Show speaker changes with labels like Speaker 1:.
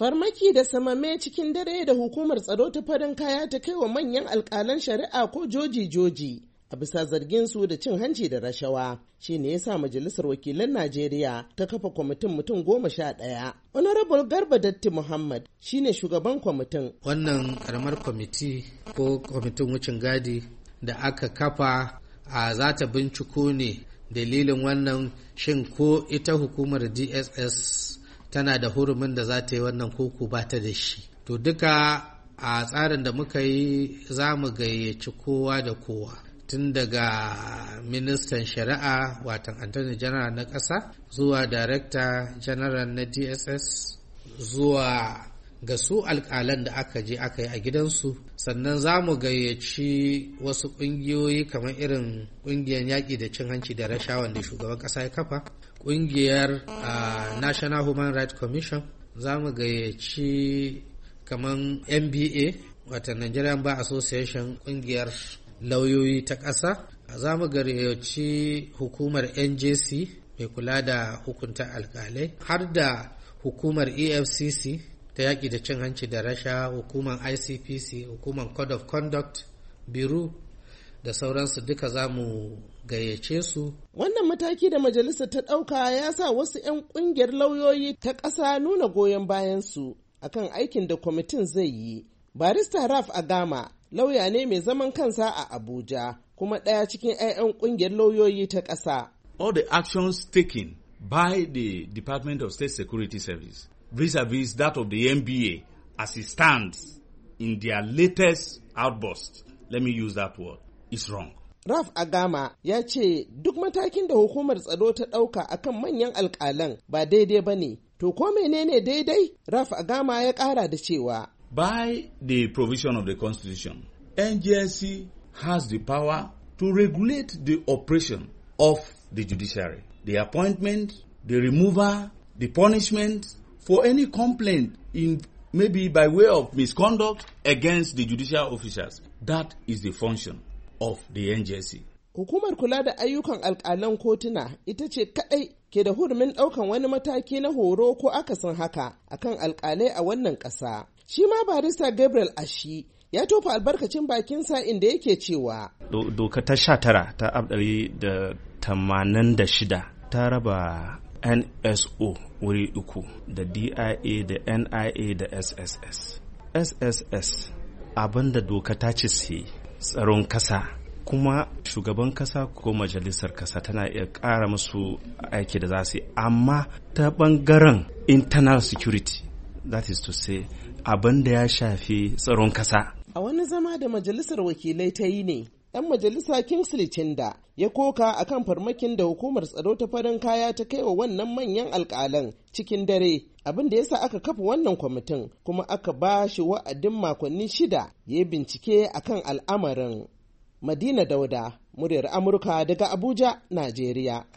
Speaker 1: Farmaki da samame cikin dare da hukumar tsaro ta farin kaya ta kai wa manyan alkalan shari'a ko joji-joji a bisa zargin su da cin hanci da rashawa shi ne ya sa majalisar wakilan Najeriya ta kafa kwamitin mutum goma sha ɗaya. Honorable Garba
Speaker 2: Datti Muhammad shi ne shugaban kwamitin. Wannan karamar kwamiti ko kwamitin wucin gadi da aka kafa a za ta binciko ne dalilin wannan shin ko ita hukumar DSS tana da hurumin da za ta yi wannan koko ba ta da shi to duka a tsarin da muka yi za mu gayyaci kowa da kowa tun daga ministan shari'a watan antony general na ƙasa zuwa director general na dss zuwa ga su alƙalan da aka je aka yi a gidansu sannan za mu gayyaci wasu ƙungiyoyi kamar irin ƙungiyar yaƙi da cin hanci da rasha wanda shugaban ƙasa ya kafa ƙungiyar national human rights commission za mu gayyaci kamar nba wata nigerian bar association ƙungiyar lauyoyi ta ƙasa za mu gayyaci hukumar njc mai kula da hukunta alƙalai har da hukumar efcc ta yaƙi da cin hanci da rasha hukumar icpc hukumar code of conduct biru da sauransu duka za mu gayyace su. Wannan
Speaker 1: mataki da majalisa ta ɗauka ya sa wasu 'yan ƙungiyar lauyoyi ta ƙasa nuna goyon bayansu akan aikin da kwamitin zai yi. Barista Raf Agama lauya ne mai zaman kansa a Abuja kuma ɗaya cikin 'ya'yan ƙungiyar lauyoyi ta ƙasa.
Speaker 3: All the actions taken by the Department of State Security Service vis-a-vis that of the NBA as it stands in their latest outburst, let me use that word, is wrong.
Speaker 1: Raf Agama ya ce duk matakin da hukumar tsaro ta ɗauka akan manyan alƙalan ba daidai ba ne, to ko menene daidai? Raf Agama ya ƙara da cewa.
Speaker 3: By the provision of the Constitution, ngc has the power to regulate the operation of the judiciary, the appointment, the removal, the punishment, for any complaint in maybe by way of misconduct against the judicial officers. That is the function of the NJC.
Speaker 1: Hukumar kula da ayyukan alkalan kotuna ita ce kadai ke da hurumin daukan wani mataki na horo ko akasin haka akan alkalai a wannan ƙasa. Shi ma barista Gabriel Ashi ya tofa albarkacin bakinsa inda yake cewa.
Speaker 4: Doka ta sha tara ta da tamanin da shida ta raba nso wuri uku da dia da nia da sss sss da doka ta ce sai tsaron kasa kuma shugaban kasa ko majalisar kasa tana iya ƙara musu aiki da za amma ta ɓangaren internal security that is to say abin da ya shafi tsaron kasa
Speaker 1: a wani zama da majalisar wakilai ta yi ne ɗan majalisa Kingsley Chinda ya koka a kan farmakin da hukumar tsaro ta farin kaya ta kai wa wannan manyan alkalan cikin dare abin da yasa aka kafa wannan kwamitin kuma aka ba shi wa'adin makonni shida ya yi bincike a kan al'amarin. Madina Dauda, muryar Amurka daga Abuja, Najeriya.